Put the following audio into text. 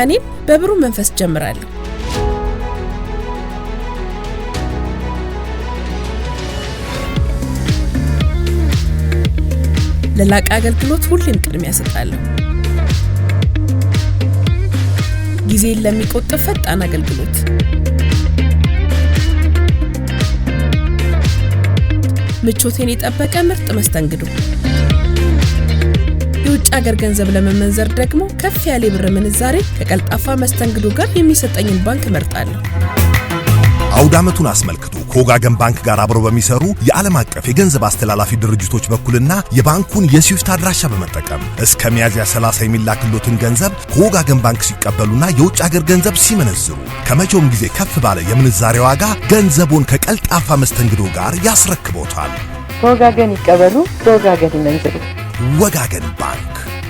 ቀኔን በብሩህ መንፈስ ጀምራለሁ። ለላቀ አገልግሎት ሁሌም ቅድሚያ እሰጣለሁ። ጊዜን ለሚቆጥብ ፈጣን አገልግሎት ምቾቴን የጠበቀ ምርጥ መስተንግዶ የሀገር ገንዘብ ለመመንዘር ደግሞ ከፍ ያለ የብር ምንዛሬ ከቀልጣፋ መስተንግዶ ጋር የሚሰጠኝን ባንክ እመርጣለሁ። አውድ ዓመቱን አስመልክቶ ከወጋገን ባንክ ጋር አብረው በሚሰሩ የዓለም አቀፍ የገንዘብ አስተላላፊ ድርጅቶች በኩልና የባንኩን የስዊፍት አድራሻ በመጠቀም እስከ ሚያዝያ 30 የሚላክሎትን ገንዘብ ከወጋገን ባንክ ሲቀበሉና የውጭ አገር ገንዘብ ሲመነዝሩ ከመቼውም ጊዜ ከፍ ባለ የምንዛሬ ዋጋ ገንዘቡን ከቀልጣፋ መስተንግዶ ጋር ያስረክቦታል። ከወጋገን ይቀበሉ፣ ከወጋገን ይመንዝሩ። Wagagen Bank.